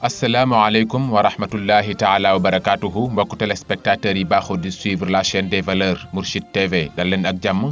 asalaamaaleykum wa rahmatullahi taala wa barakaatuhu mbokku téléspectateurs yi baaxoo di suivre la chaîne des valeurs Mourchid TV dal leen ak jàmm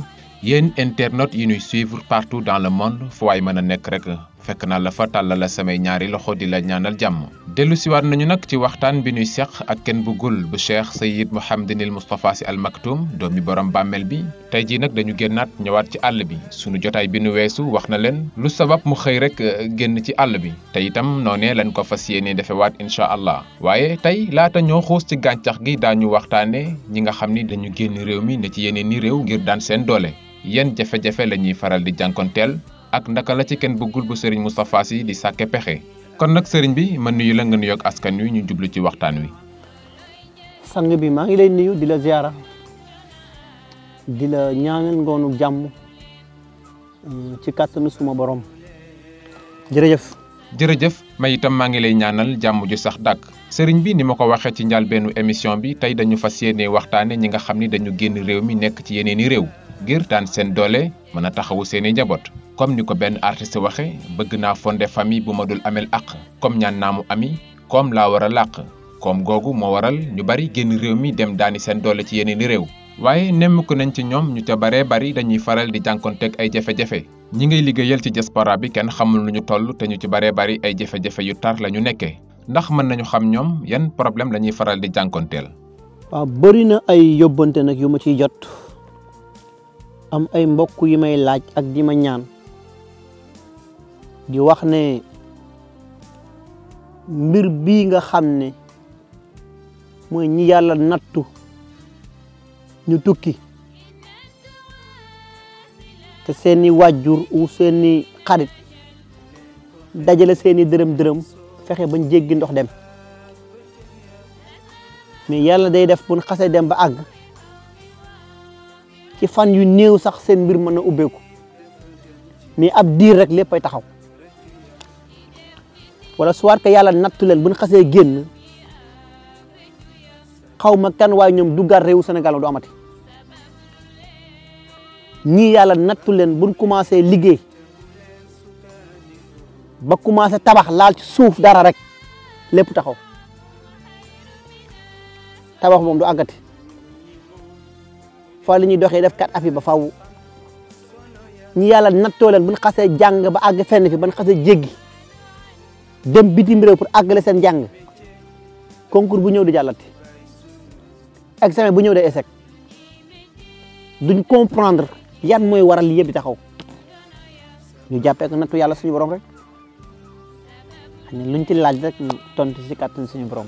yéen internautes yi ñuy suivre partout dans le monde fu waay mën a nekk rek fekk na la fa tàllala samay ñaari loxo di la ñaanal jàmm dellu siwaat nañu nag ci waxtaan bi ñuy seq ak kenn bu gul bu cheikh sayid mohamdinil mustapha si al maktum doomi borom bàmmeel bi tey jii nag dañu génnaat ñëwaat ci àll bi sunu jotaay bi nu weesu wax na leen lu sabab mu xëy rek euh, génn ci àll bi te itam noonee lañ ko fas yéene defewaat insha allah waaye tey laata ñoo xuus ci gàncax gi daañu waxtaane ñi nga xam ni dañu génn réew mi ne ci yeneen ni réew ngir daan seen doole yan jafe-jafe la ñuy faral di jànkonteel ak ndaka la ci kenn bëggul bu Serigne mustapha si di sàkke pexé kon nak Serigne bi man nuyu la nga nuyoog askan wi ñu jublu ci waxtaan wi. sang bi ma ngi lay nuyu di la ziarra di la ñaanal ngonu jàmm euh, ci kàttanu suma borom jërëjëf. jërëjëf may itam ma ngi lay ñaanal jàmm ju sax dàkk serigne bi ni ma ko waxee ci benu émission bi tay dañu fas waxtane ñi nga xamni dañu genn rew mi nek ci yeneeni rew ngir daan seen doole taxawu seeni njaboot comme ni ko benn artiste waxe bëgg na fondé famille bu modul amel ak comme ñaan naamu ami comme la wara laq comme gogu mo waral ñu bari genn réew mi dem daani sen doole ci yeneen réew waaye ko nañ ci ñom ñu te bare bari dañuy faral di jànkonteeg ay jafé jafé ñi ngay liggéeyal ci diaspora bi kenn xamul lu ñu tollu te ñu ci bare bari ay jafé jafé yu tar lañu nekké ndax mën nañu xam ñom yan problème lañuy faral di jankontel wa bari na ay yobonté nak yu ma jot am ay mbokk yi may laaj ak di ñaan di wax ne mbir bi nga xamne ne ñi yalla nattu ñu tukki te seeni wajur u seeni xarit dajale seeni deureum deureum fexé bañ jéggi ndox dem mais yalla day def buñ xasse dem ba ag ci fan yu neew sax seen mbir mëna ubbeku mais ab diir rek leppay taxaw wala soit que yàlla nattu leen bu ñu xasee génn xaw ma kan waaye ñoom duggaat réewu Sénégal ma du amati ñii yàlla nattu leen buñ commencé liggéey ba commencé tabax laal suuf dara rek lépp taxaw tabax moom du àggati fa li ñuy doxee def kat afi ba faw ñi yàlla nattoo leen buñ xasee jàng ba àgg fenn fi ban xasee jéggi dem bitim réew pour àggale seen njàng concours bu ñëw di jàllati examen bu ñëw dee échec duñ comprendre yan mooy waral li yëpp di taxaw ñu jàppee ko yàlla suñu borom rek xam luñ laaj rek tontu si kàttan suñu borom.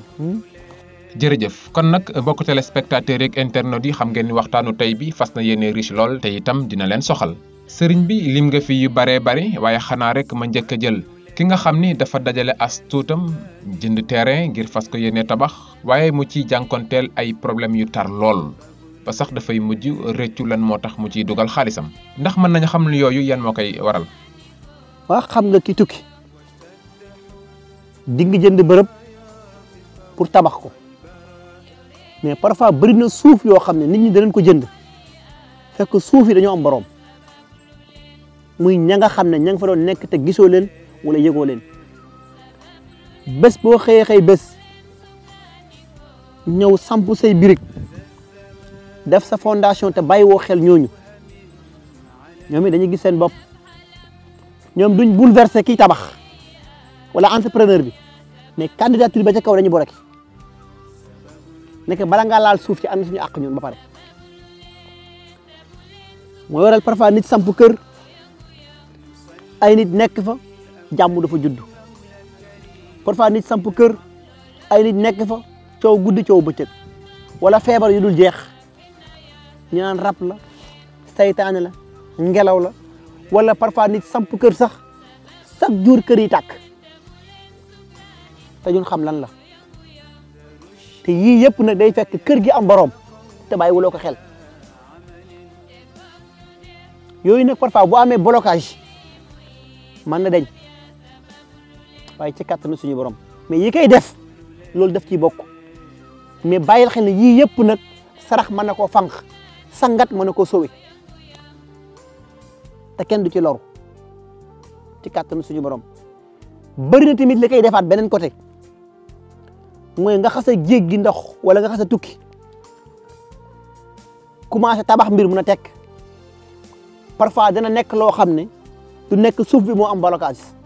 jërëjëf kon nag mbokk téléspectateurs yeeg internautes yi xam ngeen ni waxtaanu tey bi fas na yéene riche lool te itam dina leen soxal. sëriñ bi lim nga fi yu baree bari waaye xanaa rek ma njëkk a jël. ki nga xamni dafa dajale as tutam jënd terrain ngir fas ko yene tabax waye mu ci jankontel ay problème yu tar lol ba sax fay mujj reccu lan motax mu ci dugal xalisam ndax man nañ xam yoyu yan mo kay waral wa xam nga ki tukki berap? Pur jënd bërepp pour tabax ko mais parfois bari na souf yo xamni sufi nit ñi danañ ko jënd fekk souf yi dañu am borom muy ña nga fa doon nek te gisoo leen wala yëgoo leen bés boo xëyee xëy bés ñëw samp say birig def sa fondation te bàyyi woo xel ñooñu ñoomi it dañuy gis seen bopp ñoom duñ bouleversé kiy tabax walla entrepreneur bi mais candidature ba ca kaw dañu boraki nekk bala nga laal suuf si am na suñu àq ñun ba pare mooy waral parfois nit samp kër ay nit nekk fa jàmm dafa judd parfois nit samp kër ay nit nekk fa coow guddi coow bëccëg wala feebar yu dul jeex ñaan rab la saytaane la ngelaw la wala parfois nit samp kër sax chaque jour kër yi tàkk ta ñun xam lan la te yii yëpp nag day fekk kër gi am borom te bàyyi wuloo ko xel yooyu nag parfois bu amee blocage mën na deñ waaye ci kattanu suñu borom mais yi koy def loolu daf ci bokk mais bàyyil xel ne yii yëpp nag sarax mën na koo fànq sangat mën na koo sowe te kenn du ci loru ci kàttanu suñu borom bëri na tamit li koy defaat beneen côté mooy nga xas a jéggi ndox wala nga xase a tukki commencé tabax mbir mun a tekk parfois dana nekk loo xam ne du nekk suuf moo am blocage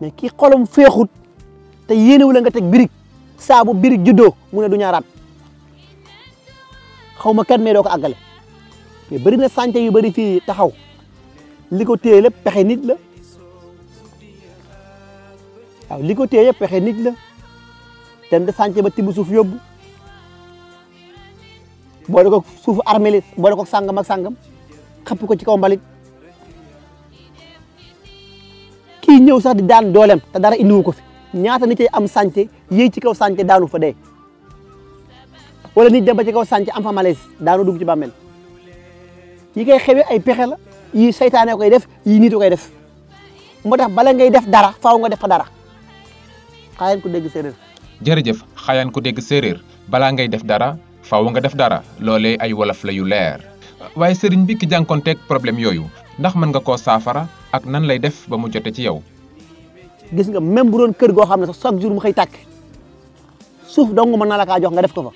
mais kii xolam féexut te yéenewu la nga teg birig saabu bu birig juddoo mu ne du ñaaraat xaw ma kat mais doo ko àggale mais bëri na sànce yu bëri fii taxaw li ko téye lépp nit la waaw li ko téye pexe nit la dem de sànce ba tibb suuf yóbbu boole ko suufu armeli boole ko sàngam ak sàngam xapp ko ci kaw mbalit kii ñëw sax di daan dooleem te dara indiwu ko fi ñaata nit am santé yéeg ci kaw sànce daanu fa dee wala nit dem ba ci kaw sànce am fa malaise daanu dugg ci bàmmeel yi koy xewee ay pexe la yii seytaane koy def yii nitu koy def moo tax bala ngay def dara faaw nga def fa dara xaayaan ku dégg séeréer. jërëjëf xaayaan ku dégg séeréer balaa ngay def dara faaw nga def dara loole ay wolof la yu leer. waaye sëriñ bi ki jànkonteeg problème yooyu ndax mën nga koo saafara ak nan lay def ba mu jotee ci yow. gis nga même bu doon kër goo xam ne sax chaque jour mu xëy tàkk suuf dong mën naa la kaa jox nga def ko fa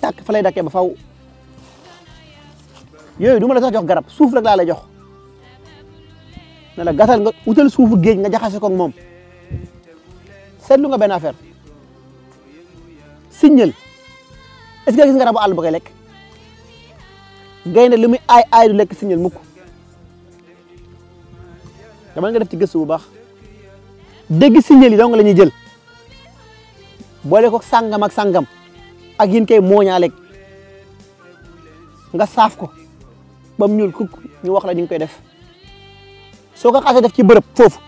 takk fa lay dakkee ba faw yooyu duma ma la sax jox garab suuf rek laa lay jox na la gasal nga utal suufu géej nga jaxase ko moom seetlu nga benn affaire signal est gis nga rabu àll ba koy lekk. gaynde li muy ay du lekk si ñun mukk dama nga def ci gëstu bu baax dégg signal yi dong la ñuy jël boole ko sàngam ak sàngam ak yin koy mooñaaleeg nga saaf ko bam mu ñuul kukk ñu wax la ñu ngi koy def soo ko xasee def ci bërëb foofu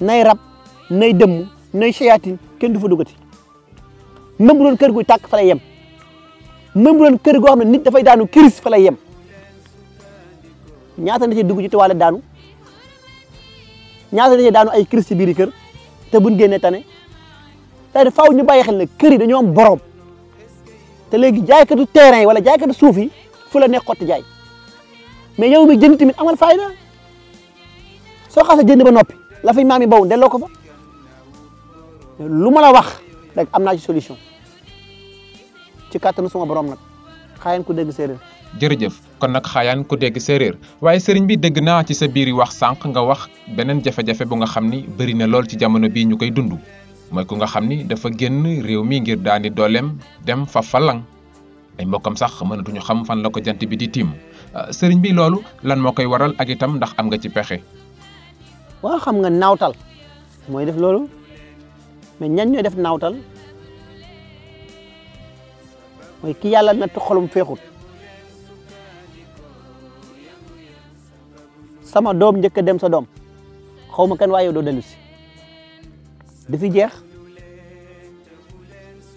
nay rab nay dëmm nay sayaatin kenn du fa duggati même bu doon kër guy tàkk fa yem même bu doon kër goo xam ne nit dafay daanu kiris fa lay yem ñaata na ci dugg ci tuwaale daanu ñaata na ci daanu ay crise ci biir kër te buñ génnee tane c'est-à-dire faaw ñu bàyyi xel ne kër yi dañoo am borom te léegi jaaykatu terrain yi wala jaaykatu suuf yi fu la nekk xotti jaay mais yow mi jënd tamit amal fayda soo xasee jënd ba noppi la fi maam yi bawoon delloo ko fa lu ma la wax rek am naa ci solution ci kàttanu suma borom nag xaayan ku dégg séeréer jërëjëf kon nak xaayaan ku dégg séeréer waaye sëriñ bi dégg naa ci sa biir wax sànq nga wax beneen jafe-jafe bu nga xam ni bëri na lool ci jamono bii ñu koy dund mooy ku nga xam ni dafa génn réew mi ngir daani dooleem dem fa falang ay mbokkam sax mënatuñu xam fan la ko jant bi di tiim ah, sëriñ bi loolu lan moo koy waral ak itam ndax am nga ci pexe. waaw xam nga nawtal mooy def loolu mais ñan ñooy def nawtal mooy ki yàlla natt xolum feexut. sama dom njëkk dem sa dom, xawma kan wayo do delu ci du fi jeex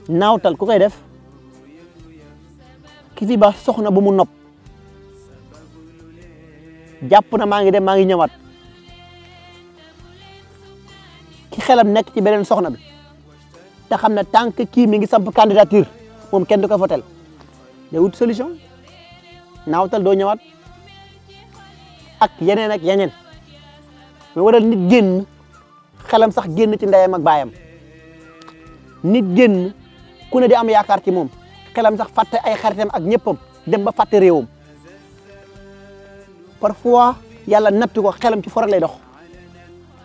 nawtal ku koy def ki fi ba soxna bu mu nop japp na maa ngi dem maa ngi ñëwaat ki xelam nek ci benen soxna bi te xamna tank ki mi ngi samp candidature mom kenn du ko fotel de wut solution nawtal do ñëwaat ak yeneen ak yeneen mais waral nit génn xelam sax génn ci ndeyam ak bayam nit génn ku ne di am yaakaar ci moom xelam sax fàtte ay xaritam ak ñëppam dem ba fàtte réewam parfois yàlla nattu ko xelam ci for lay dox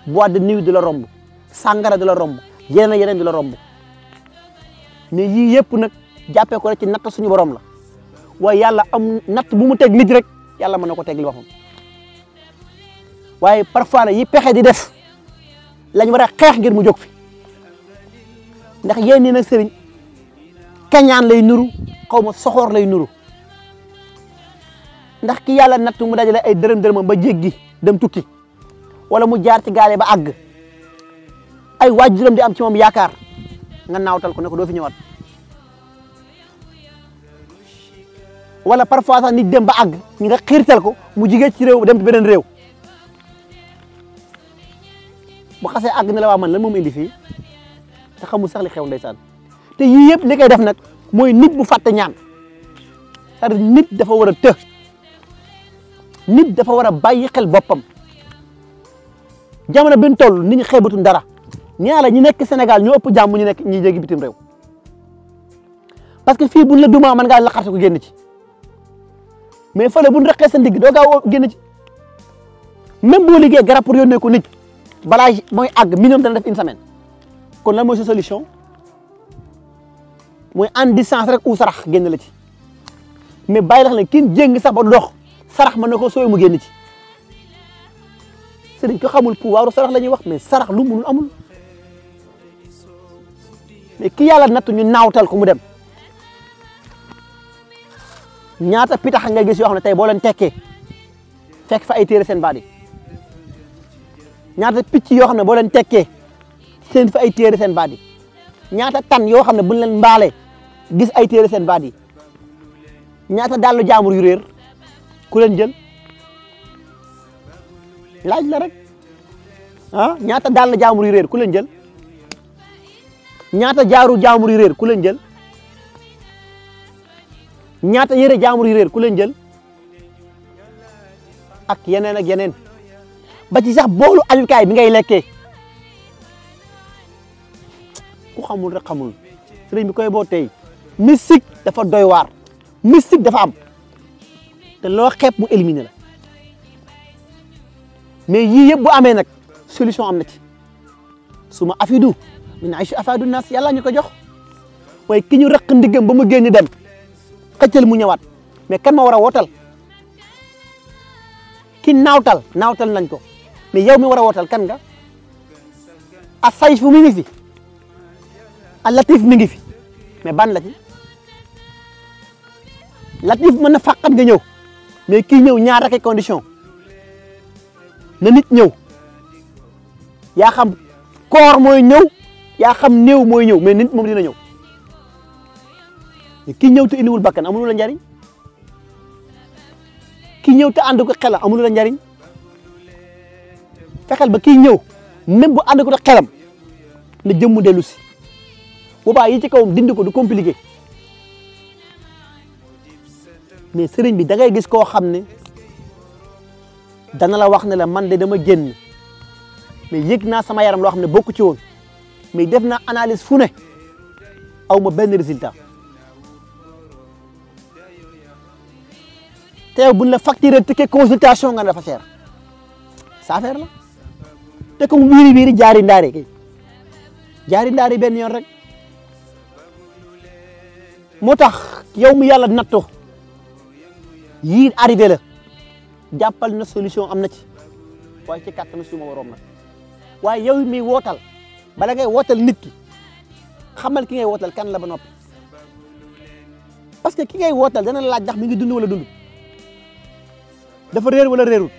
bois de nuit di la romb sàngara di la romb yeneen yeneen di la romb mais yii yëpp nag jàppee ko ci natt suñu borom la waaye yàlla am natt bu mu teg nit rek yàlla mën na ko teg li waaye parfois na yi pexe di def lañ war a xeex ngir mu jog fi ndax yéen ñi nag sëriñ kañaan lay nuru kaw ma soxoor lay nuru ndax ki yàlla nattu mu dajale ay dërëm ma ba jéggi dem tukki wala mu jaar ci gaale ba àgg ay waajuram di am ci moom yaakaar nga naaw naawtal ko ne ko doo fi ñëwaat wala parfois sax ni dem ba àgg ñi nga xiirtal ko mu jigee ci réew dem ci beneen réew bu xasee àgg ne la waa man lan moom indi fii te xamul sax li xew ndeysaan te yii yëpp li koy def nag mooy nit bu fàtte ñaan cest à dafa war a të nit dafa war a bàyyi xel boppam jamono bi ñu toll nit ñi dara ñaa la ñi nekk Sénégal ñoo ëpp jàmm ñu nekk ñi jéggi bitim réew parce que fii buñ la dumaa mën ngaa laqarte ko génn ci mais fële buñ reqee sa ndigg doo gaaw génn ci même boo liggéey garab pour yónnee ko balaa mooy àgg minimum dana def une semaine kon lan mooy sa solution mooy en distance rek sarax génn la ci mais bàyyi lax ne kin jéngi saba ba dox sarax mën na ko sooy mu génn ci sëriñ ko xamul pouvoir sarax la ñuy wax mais sarax lu munul amul mais ki yàlla nattu ñu naawtal ko mu dem ñaata pitax nga gis yoo xam ne tey boo leen tekkee tek fa ay téere sen baat ñaata picc yoo xam ne boo leen tekkee seen fa ay téere seen baat yi ñaata tan yoo xam ne buñ leen mbaalee gis ay téere seen baat yi ñaata dàllu jaamur yu réer ku leen jël laaj la rek ah ñaata dàllu jaamur yu réer ku leen jël ñaata jaaru jaamur yu réer ku leen jël ñaata yére jaamur yu réer ku leen jël ak yeneen ak yeneen ba ci sax boolu ajukaay bi ngay lekke ko xamul rek xamul serigne bi koy bo tay mystique dafa doy war mystique dafa am te lo xep mu éliminer la mais yi yeb bu amé nak solution amna ci suma afidu min aish afadu nas yalla ñuko jox way ki ñu rek ndiggam ba mu genn dem xëccël mu ñëwaat mais kan ma wara wotal ki nañ ko mais yow mi war a wootal kan nga a sayf mi ngi fi a latif mi fi mais ban la ci latif mën na fàqat nga ñëw mais kii ñëw ñaar rek condition na nit ñëw yaa xam koor mooy ñëw yaa xam néew mooy ñëw mais nit moom dina ñëw kii ñëw te indiwul bakkan amul la njariñ kii ñëw te ànd ko xel amul la njariñ fexeel ba kiy ñëw même bu ànd ko tax xelam na jëmm dellu si boobaa yi ci kawam dindi ko du compliqué mais sëriñ bi da ngay gis koo xam ne dana la wax ne la man de dama génn mais yëg naa sama yaram loo xam ne bokku ci woon mais def na analyse fu ne aw ma benn résultat te bun la facturé ticket consultation nga ne dafa cher sa affaire la te ko wiiri wiiri jaari ndaari kay jaari ndaari benn yoon rek moo tax yow mu yàlla natto yii arrivé la jàppal na solution am na ci waaye ci kàttanu suma waroom nag waaye yow mi wootal bala ngay wootal nit ki xamal ki ngay wootal kan la ba noppi parce que ki ngay wootal dana laaj ndax mi ngi dund wala dund dafa réer wala réerul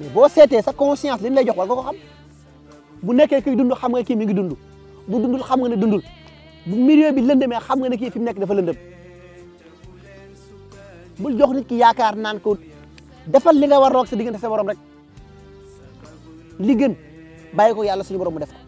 boo seetee sa conscience li mu lay jox war nga xam bu nekkee kiy dund xam nga kii mi ngi dund bu dundul xam nga ne dundul bu milieu bi lëndëmee xam nga ne kii fi nekk dafa lëndëm bul jox nit ki yaakaar naan ko defal li nga war roog sa diggante sa borom rek li gën bàyyi ko yàlla suñu borom mu def ko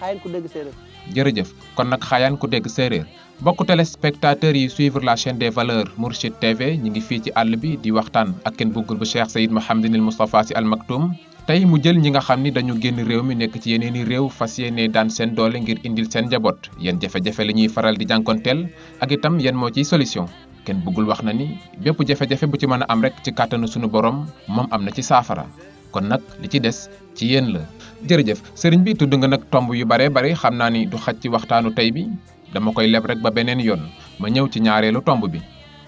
xaayaan ku dégg séeréer. jërëjëf kon nag xaayaan ku dégg séeréer bokku téléspectateurs yi suivre la chaîne des valeurs mourchid tv ñi ngi fi ci all bi di waxtaan ak ken bunkul bu cheikh mohammed mohamedinil mustafa ci al maktoum tay mu jël ñi nga xamni dañu genn réew mi nekk ci yi réew fas yéene daan seen doole ngir indil seen jabot yan jafe-jafe li ñuy faral di jànkonteel ak itam yan moo ciy solution ken bugul wax na ni bépp jafe-jafe bu ci mën a am rek ci kàttanu sunu borom moom am na ci saafara kon nak li ci dess ci yeen la jërëjëf sëriñ bi tudd nga nag tomb yu bare bare xam naa ni du xaj ci waxtaanu tey bi dama koy leb rek ba beneen yoon ma ñëw ci ñaareelu tomb bi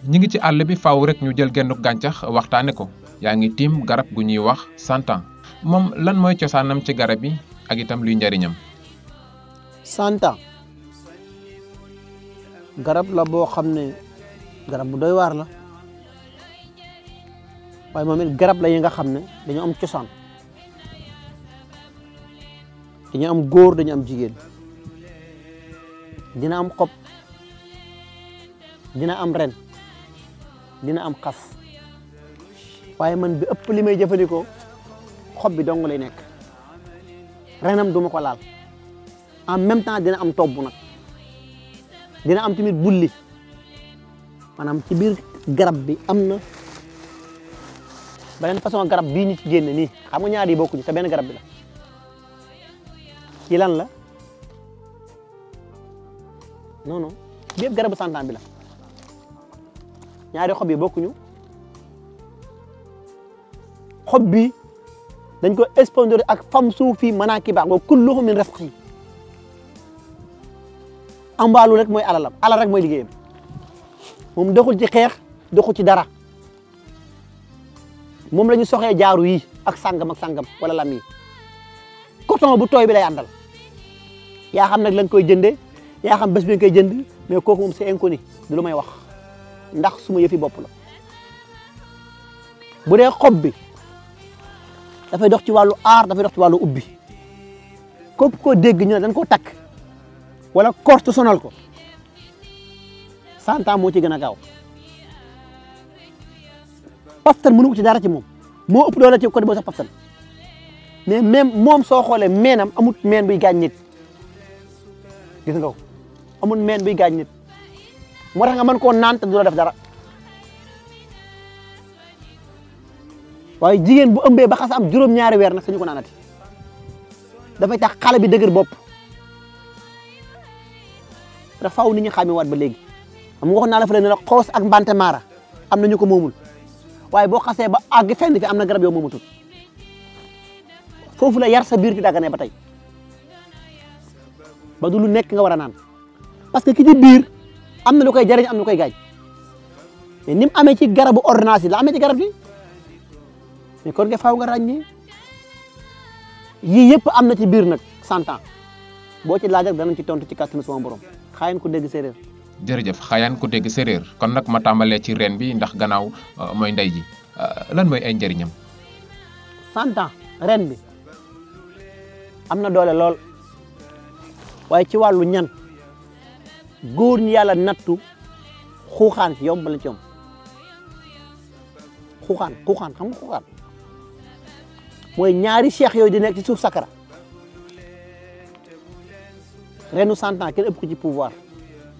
ñi ngi ci àll bi faaw rek ñu jël genn gàncax waxtaane ko yaa ngi tiim garab gu ñuy wax santan moom lan mooy cosaanam ci garab yi ak itam luy njariñam santan garab la boo xam ne garab bu doy waar la waaye moom it garab la yi nga xam ne dañu am cosaan dañu am góor dañu am jigéen dina am xob dina am ren dina am xas waaye man bi ëpp li may jëfandikoo xob bi dong lay nekk renam duma ko laal en même temps dina am tobb nag dina am tamit bulli maanaam ci biir garab bi am na beneen façon garab bii ñu ci génn nii xam nga ñaar yi bokkuñu sa benn garab bi la ci lan la non non garabu santaan bi la ñaari xob yi bokkuñu xob bi dañ ko sponsor ak fam suufi manakiba wa kulluhum min rasqi ambaalu rek mooy alalam alal rek mooy liggéeyam moom doxul ci xeex doxul ci dara moom la ñu soxee jaaru yi ak sàngam ak sàngam wala lam yi coton bu tooy bi lay àndal yaa xam nag lañ koy jënde Ya xam bes bi ngay jënd mais koku mom c'est inconnu du lumay wax ndax suma yëfi bop la bu dé xob bi fay dox ci art da fay dox ci walu ubbi képp ko dégg ñu dañ ko tak wala korte sonal ko santa mo ci gëna a gaaw paftan mënu ko ci dara ci moom moo ëpp doole ci ko boo sax pastor mais même mom so xolé menam amut men buy gaañ nit gis nga ko amun men bi gañ nit mo tax nga man ko naan te def dara way jigen bu ëmbé ba xass am juroom ñaari wër nak suñu ko da fay tax xale bi deugër bop da faaw nit ñi xami waat ba légui am nga waxoon na la fa leen la xoss ak mbante mara am na ko momul waye bo xasse ba ag fenn fi am na garab yo moomatul fofu la yar sa bir di dagane ba tey ba du lu nek nga wara a parce que ki ci bir amna lu koy jarign amna lu koy gaaj mais nim amé ci garabu ordonnance la amé ci garab bi mais kon nga faaw nga ràññee yi yëpp amna ci bir nak 100 ans bo ci laaj rek danañ ci tontu ci kàttanu sama borom xayen ku dégg séeréer jërëjëf xayan ko dégg séréer kon nak ma tambalé ci reen bi ndax gannaaw euh, moy nday ji euh, lan moy ay njëriñam 100 ans reen bi amna doole lol waye ci walu ñan góor ñi yàlla nattu xuuxaan yomb la ci ñoom xuuxaan xuuxaan mooy ñaari cheikh yooyu di nekk ci suuf sakara renu cent ans kenn ëpp ko ci pouvoir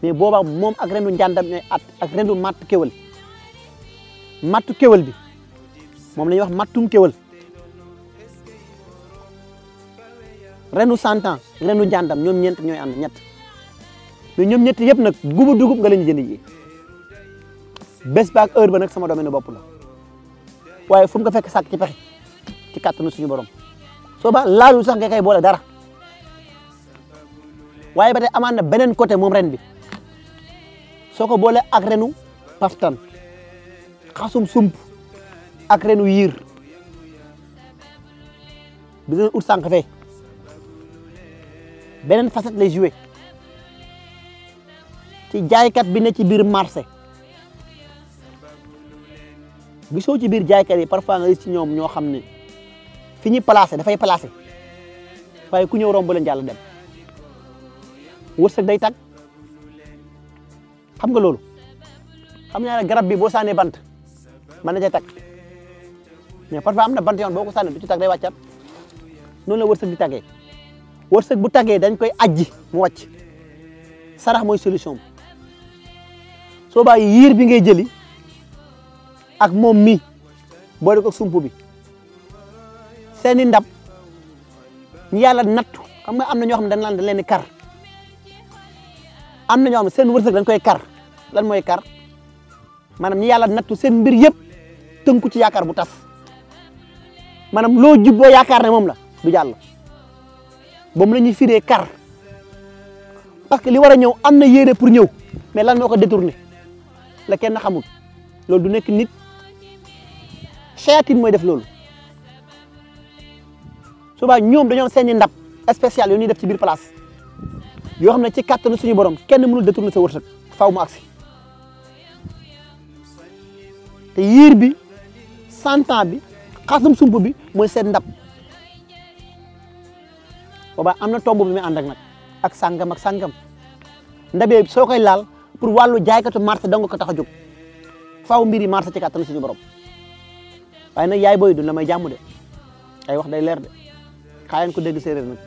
mais booba moom ak renu njàndam ne at ak renu matt kéwal mattu kéwal bi moom la wax mattum kéwal renu cent ans renu njàndam ñoom ñeent ñooy ànd ñett mais ñoom ñett yëpp nag guba dugub nga leen jënd ji bés ba ak ba nag sama domaine bopp la waaye fu mu ko fekk sàkk ci pexe ci kàttanu suñu borom soo ba laalu sax nga koy boole dara waaye ba tey amaan na beneen côté moom ren bi soo ko boole ak renu paftan xasum sump ak renu yiir bi doon ut sànq fee beneen facette lay joué ci jaaykat bi ne ci biir marché gisoo ci biir jaaykat yi parfois nga gis ci ñoom ñoo xam ne fi ñuy placé dafay placé waaye ku ñëw romb leen jàll dem wërsëg day tag xam nga loolu xam naa ne garab bi boo sànnee bant mën na cay tag mais parfois am na bant yoon boo ko sànnee du ci tag day wàccaat noonu la wërsëg di tagee wërsëg bu tagee dañ koy ajji mu wàcc sarax mooy solution so bayyi yir bi ngay jëli ak mom mi boole ko sumpu bi seeni ndab ni yalla nattu xam nga am ño xam dañ lan dañ leen kar am ño xam ne seen wërsëg dañ koy kar lan moy kar manam ni yalla nattu seen mbir yeb teunku ci yaakaar bu tass manam lo jubbo yaakaar ne mom la du jall lañu firé kar parce que li wara ñew amna am pour ñew mais lan moko détourner la kenn xamul loolu du nekk nit shayatin mooy def loolu suba ñoom dañoo seen i ndab spécial yu ñuy def ci biir place yoo xam ne ci kàttanu suñu borom kenn mënul détourner sa wërsëg faaw mu agsi te yiir bi santan bi xasum sump bi mooy seen ndab booba am na tomb bi muy ànd ak nag ak sàngam ak sàngam ndabee soo koy laal pour walu katu marché dong ko taxajuk faaw mbiri marché ci kattan suñu borom way nak yaay boy du lamay jamu de ay wax day leer de xayan ko deg sereer nak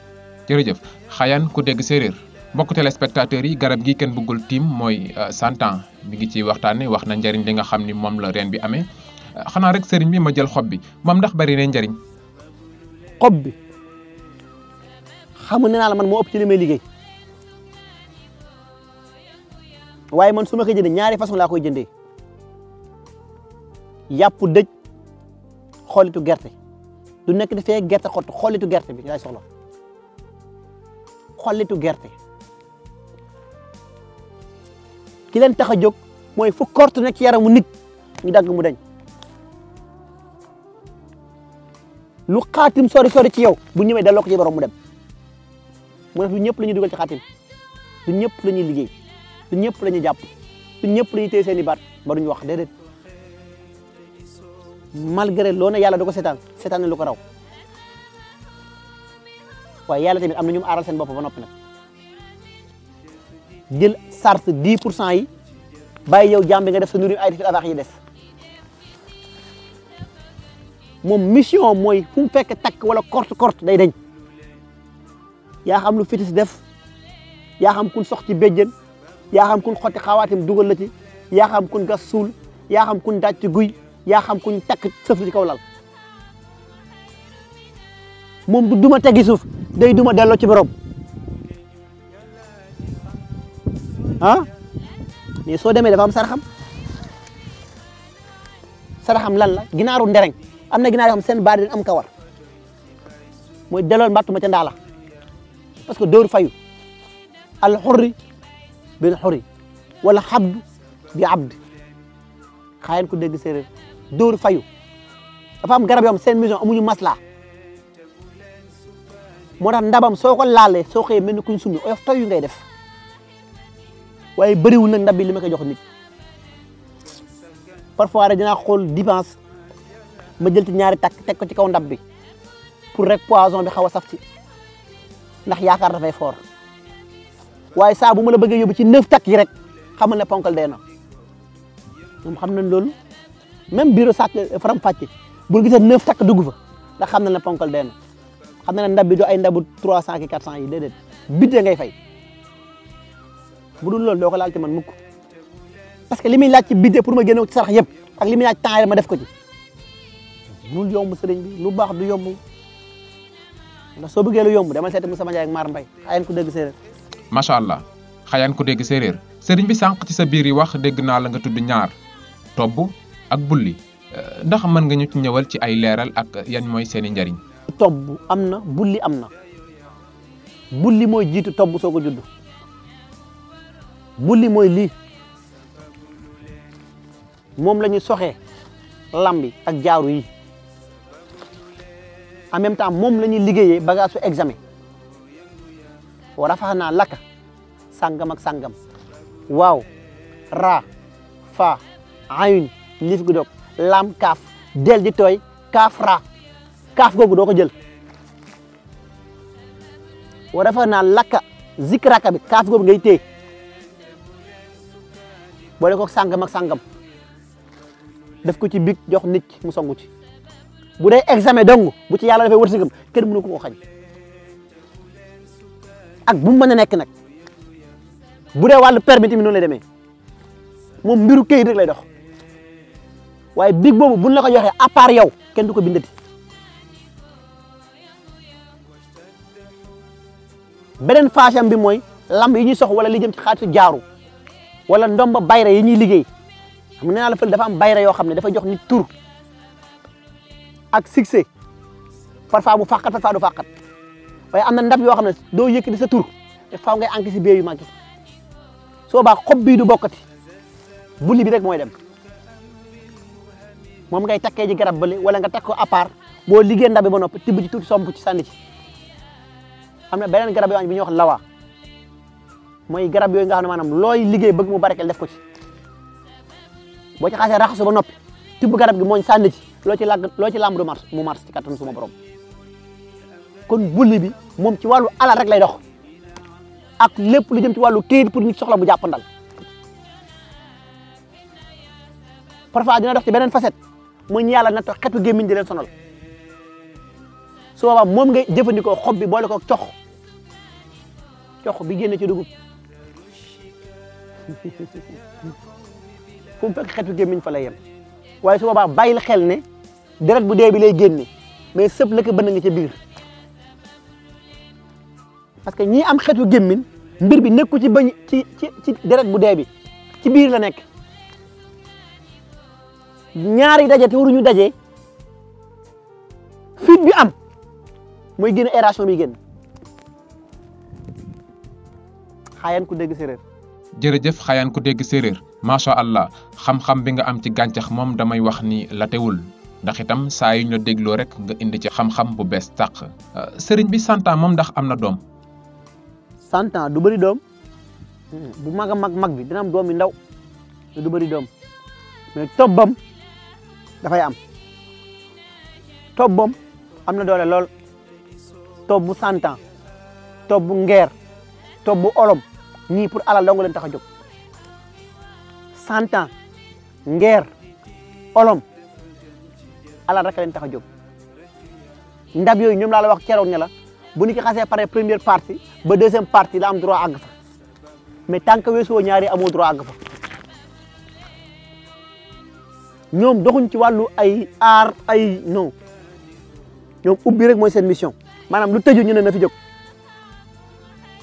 jërëjëf xayan ko deg sereer mbokk téléspectateurs yi garab gi ken bugul tim moy euh, santan mi ngi ci waxtane wax na njariñ li nga xamni ni la reen bi amé euh, xana rek serigne bi ma jël xob bi moom ndax bari na njariñ xob bi xamu neena la man mo upp ci limay liggey waaye man su ma koy jëndee ñaari façon laa koy jëndee yàpp dëj xoolitu gerte du nekk dafee gerte xott xoolitu gerte bi laay soxla xoolitu gerte ki leen tax a jóg mooy fu korte nekk yara mu nit ñu dagg mu dañ lu xaatim sori sori ci yow bu ñëwee delloo ko ci borom mu dem mu ne du ñëpp la ñuy dugal ci xaatim du ñëpp la ñuy liggéey du ñëpp la ñu jàpp du ñëpp la ñu téye seen i baat wax déedéet malgré loo ne yàlla du ko seetaan seetaan na lu ko raw waaye yàlla tamit am na ñu mu seen bopp ba nopp nag jël sart 10 pour cent yi bàyyi yow jàmm bi nga def sa nuru ay tifil avaax yi des moom mission mooy fu mu fekk takk wala korte korte day dañ yaa xam lu fitis def yaa xam kun sox ci béjjën yaa xam kun xotti xawaatim dugal la ci yaa xam kun gas suul yaa xam kun daj guy yaa xam kuñ takk sëf ci kaw lal moom du duma tegi suuf day duma delloo ci borom ah mais soo demee dafa am saraxam saraxam lan la ginaaru ndereng am na ginaar yoo seen baar yi am kawar mooy delloo mbattu ma ca ndaala parce que dóor fayu al بين حري ولا حبد بعبد خاين كو دغ سيرر دور فايو افام غرب يوم سين ميزون اموني مسلا مورا ندابام سوكو لالي سوخي ملني كون سومي اوف أيوة، تايو غاي ديف واي بري وون نك لي ماكا جوخ نيت بارفو ارا دينا خول ديبانس ما جيلتي نياري تاك تيكو تي كاو نداب بي بور ريك بوازون بي خاوا سافتي ناخ ياكار دا فاي فور waaye sa bu ma la bëggee yóbbu ci neuf takki rek xamal ne ponkal dee na xam nañ lool même bureau sac faram fàcce bul gisee neuf takk duggu fa da xam na ne ponkal dee xam na ne ndab bi du ay ndabu 300 cent ki quatre yi dedet bidde ya ngay fay bu dul lool doo ko laal ci man mukk parce que limi muy laaj ya pour ma génne ci sarax yépp ak limi muy laaj ya ma def ko ci dul yomb sëriñ bi lu baax du yomb ndax so bëggé lu yomb demal seeti sama jaay ak Mar mbay ayen ko dégg séeréer machallah allah xayaan deg dégg séeréer sëriñ bi sank ci sa biir yi wax deg na la nga tudd ñaar tobb ak bulli eh, ndax man nga ñu ci ñëwal ci ay leral ak yan moy seen ndariñ tobb amna bulli amna bulli moy jitu tobb soko judd bulli moy li mom lañu soxé lambi ak jaaru yi en même temps mom liggéeyé bagage examen wa rafaxnaa laka sàngam ak sàngam waaw ra fa ayun liif gu dog kaaf del di tooy kaaf ra kaaf googu doo ko jël wa rafaxnaa laka zikraka bi kaaf googu ngay téye boole ko sàngam ak def ko ci big jox nit mu songu ci bu dee examen dong bu ci yàlla dafay wërsëgam kenn mënu ko ko xañ ak bu mu mën a nekk nag bu dee wàllu permis tamit noonu lay demee moom mbiru këyit rek lay dox waaye big boobu buñ la ko joxee à part yow kenn du ko bindati beneen phase am bi mooy lamb yi ñuy sox wala li jëm ci xaalisu jaaru wala ndomba bayra yi ñuy liggéey xam nee naa la fële dafa am bayra yoo xam ne dafa jox ni tur ak succès parfois mu fàqat parfois du fàqat waye amna ndab yo xamne do yekki yëkkati sa tour te faaw ngay encaissé bee yu mag so ba xob bi du bokati bulli bi rek moy dem mom ngay takke ji garab bële wala nga takko apart bo part ndab bi ba noppi ci tuuti somp ci sànni ci amna benen garab yo wax lawa moy garab yo nga xamne manam loy looy liggéey bëgg mu barkeel def ko ci bo ci xasse raxasu ba noppi tibb garab gi moñ sànni ci lo ci lag lo ci lamb du mars mu mars ci kattan suma borom kon bulli bi mom ci walu alal rek lay dox ak lepp lu jëm ci walu kayit pour nit soxla mu jàppandal parfois dina dox ci benen facette mo ñu yalla natto xatu gémmiñ di len sonal su baba mom ngay jëfëndiko xob bi boole ko cox cox bi génne ci dugub fu fek xatu xetu fa lay yem waye su baba bayil xel ne deret bu dee bi lay génne mais sëpp lëkk bënd nga ci biir parce que ñii am xeetu gémmin mbir bi nekku ci bañ ci ci ci deret bu dee bi ci biir la nekk ñaari daje te waruñu daje fit bi am mooy génn aération bi génn xaayaan ku dégg séeréer. jërëjëf xaayaan ku dégg séeréer macha allah xam-xam bi nga am ci gàncax moom damay wax ni la tewul ndax itam saa yu ñu la dégloo rek nga indi ci xam-xam bu bees tàq. Euh, sëriñ bi santaa moom ndax am na doom. Santa, ans du bëri doom hmm, bu mag mag mag bi dina am domi ndaw du bëri doom mais tobbam fay am tobbam amna Santa, doole lool tobb bu cent ans olom Ni pour ala dong leen taxajuk santa nger olom Ala rek leen ndab yoy ñum la la wax la bu nit ki xasee pare première partie ba deuxième partie la am droit àgg fa mais tant que weesuwoo ñaari amoo droit àgg fa ñoom doxuñ ci wàllu ay aar ay non ñoom ubbi rek mooy seen mission maanaam lu tëju ñu na fi jóg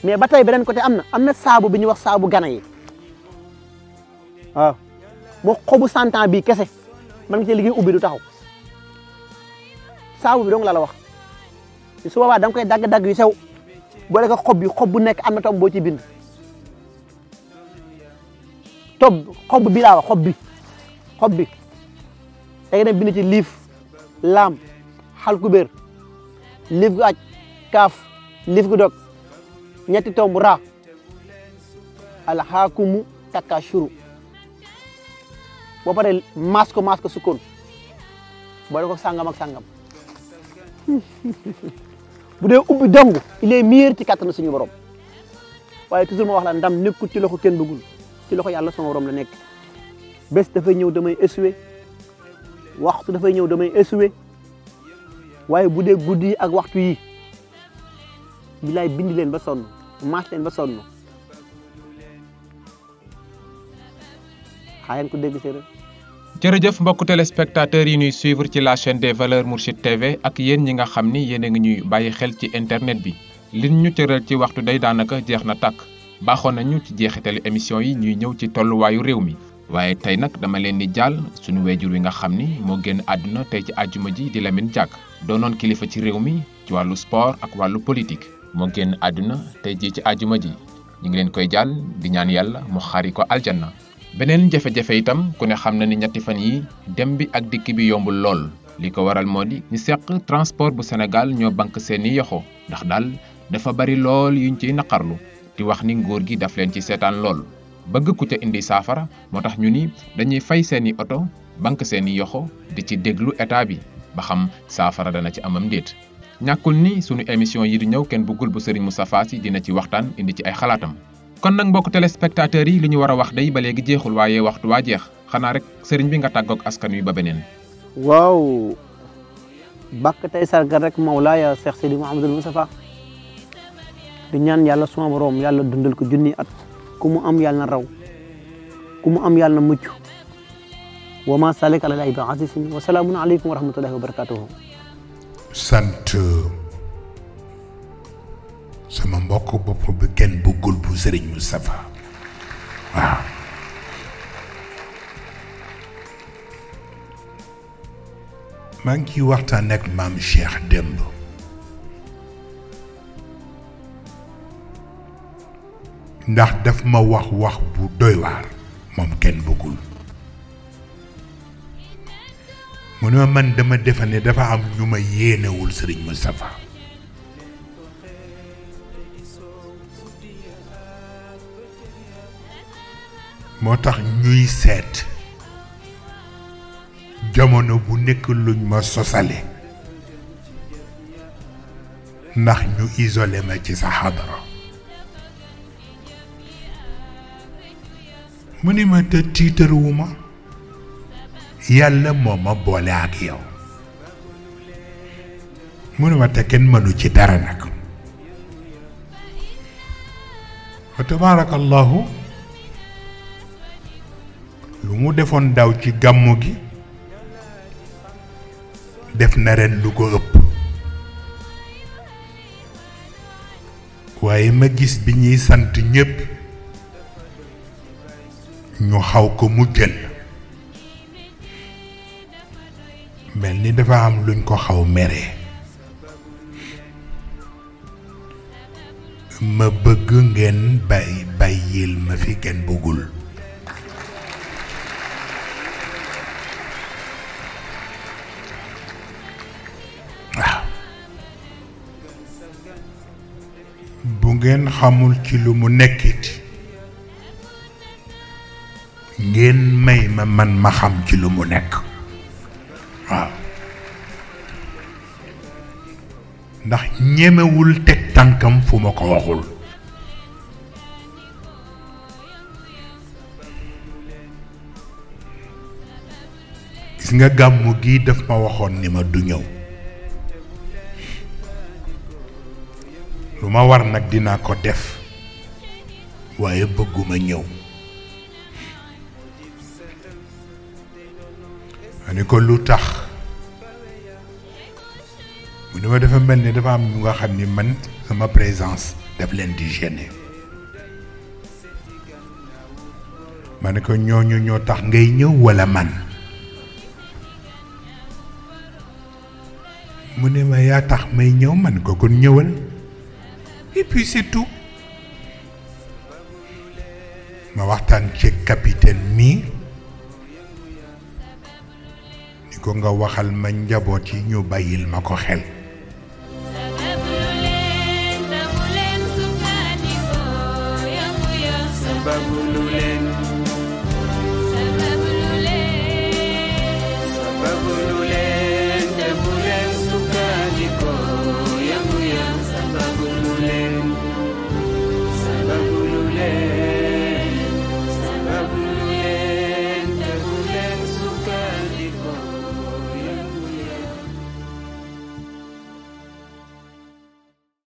mais ba tey beneen côté am na am na saabu bi ñuy wax saabu gana yi waaw ah. moo xobu santan bi kese man ngi ci liggéey ubbi du taxaw saabu bi dong la la wax su boobaa da nga koy dagg-dagg yu sew boole ko xob yi bu nekk am na tomb boo ci bind tob xob bi laa wax xob bi xob bi da nga dem bind ci liif laam xalkubéer liif kaaf liif gu dog ñetti tomb ra alxaakumu takasuru boo paree maas ko maas ko sukkoon boole ko sàngam bu dee ubbi dong il est meilleur ci kàttanu suñu borom waaye toujours ma wax la ndam nekkul ci loxo kenn bëggul ci loxo yàlla sama borom la nekk bés dafay ñëw damay échoué waxtu dafay ñëw damay échoué waaye bu dee guddi yi ak waxtu yi bilaay bindi leen ba sonn maas leen ba sonn xaayan ko dégg séeréer jërëjëf mbokk téléspectateurs yi ñuy suivre ci la chaîne des valeurs TV ak yéen ñi nga xam ni yéen a ngi ñuy bàyyi xel ci internet bi liñ ñu cëral ci waxtu day daanaka jeex na tàkk baaxoon nañu ci jeexitalu émission yi ñuy ñëw ci tolluwaayu réew mi waaye tey nag dama leen di jàll suñu wéjur wi nga xam ni moo génn àdduna tey ci àjjuma ji di Lamine Diack doonoon kilifa ci réew mi ci wàllu sport ak wàllu politique moo génn àdduna tey jii ci àjjuma ji ñu ngi leen koy jàll di ñaan yàlla mu xaari ko aljanna beneen jafe-jafe itam ku ne xam na ni ñetti fan yi dem bi ak dikk bi yombul lool li ko waral moo di ñu seq transport bu Sénégal ñoo bank seeni yoxo ndax daal dafa bari lool yuñ ciy naqarlu di wax ni ngóor gi daf leen ci seetaan lool bëgg ku ca indi saafara moo tax ñu ni dañuy fay seeni oto bank seeni yoxo di ci déglu état bi ba xam saafara dana ci amam ndéet ñàkkul ni sunu émission yi di ñëw kenn bëggul bu mu Moustapha Sy dina ci waxtaan indi ci ay xalaatam kon nag mbokk téléspectateurs yi li ñu war a wax day ba léegi jeexul waaye waxtu waa jeex xanaa rek sëriñ bi nga tàggoog askan wi ba beneen. waaw bàkk tey sargal rek Mawlaaya Cheikh Seydi Mouhamadul Moustapha di ñaan yàlla suma boroom yàlla dundal ko junni at ku mu am yàlla na raw ku mu am yàlla na mucc wa ma salik ala laahi bi azisin wa salaamun aleykum wa rahmatullahi wa barakatuhu sant sama mbokk bopp bi kenn bëggul bu sëriñ Moustapha waaw maa ngi ciy waxtaan ak maam Cheikh démb ndax daf ma wax wax bu doy waar moom kenn bëggul mu ne man dama defe ne dafa am ñu ma yéenewul sëriñ Moustapha motax ñuy set jamono bu nekk luñ ma sosale ndax ñu isolé ma ci sa hadra mune ma te tiitaruwu ma yàlla moma bolé ak yow mune ma te ken manu ci dara nak wa tabaraka lu mu defoon daw ci gàmmu gi def na ren lu ko ëpp waaye ma gis bi ñuy sant ñépp ñu xaw ko mu jël mel ni dafa am luñ ko xaw mere ma bëgg ngeen bàyyil ma fi kenn bëggul ngeen xamul ci lu mu nekkit ngeen may ma man ma xam ci lu mu nekk ndax ñemewul teg tànkam fu ma ko waxul gis nga gàmmu gii daf ma waxoon ni ma du ñëw ma war nag dinaa ko def waaye bëgguma ñëw ma ni ko lu tax mu ni ma dafa mel ni dafa am ñu nga xam ni man sama présence daf leen di gêner ma ni ko ñooñu ñoo tax ngay ñëw walla man mu ne ma yaa tax may ñëw man ko kon ñëwal et puis ma waxtaan ci capitaine mii ni ko nga waxal ma njaboot yi ñu bàyyil ma ko xel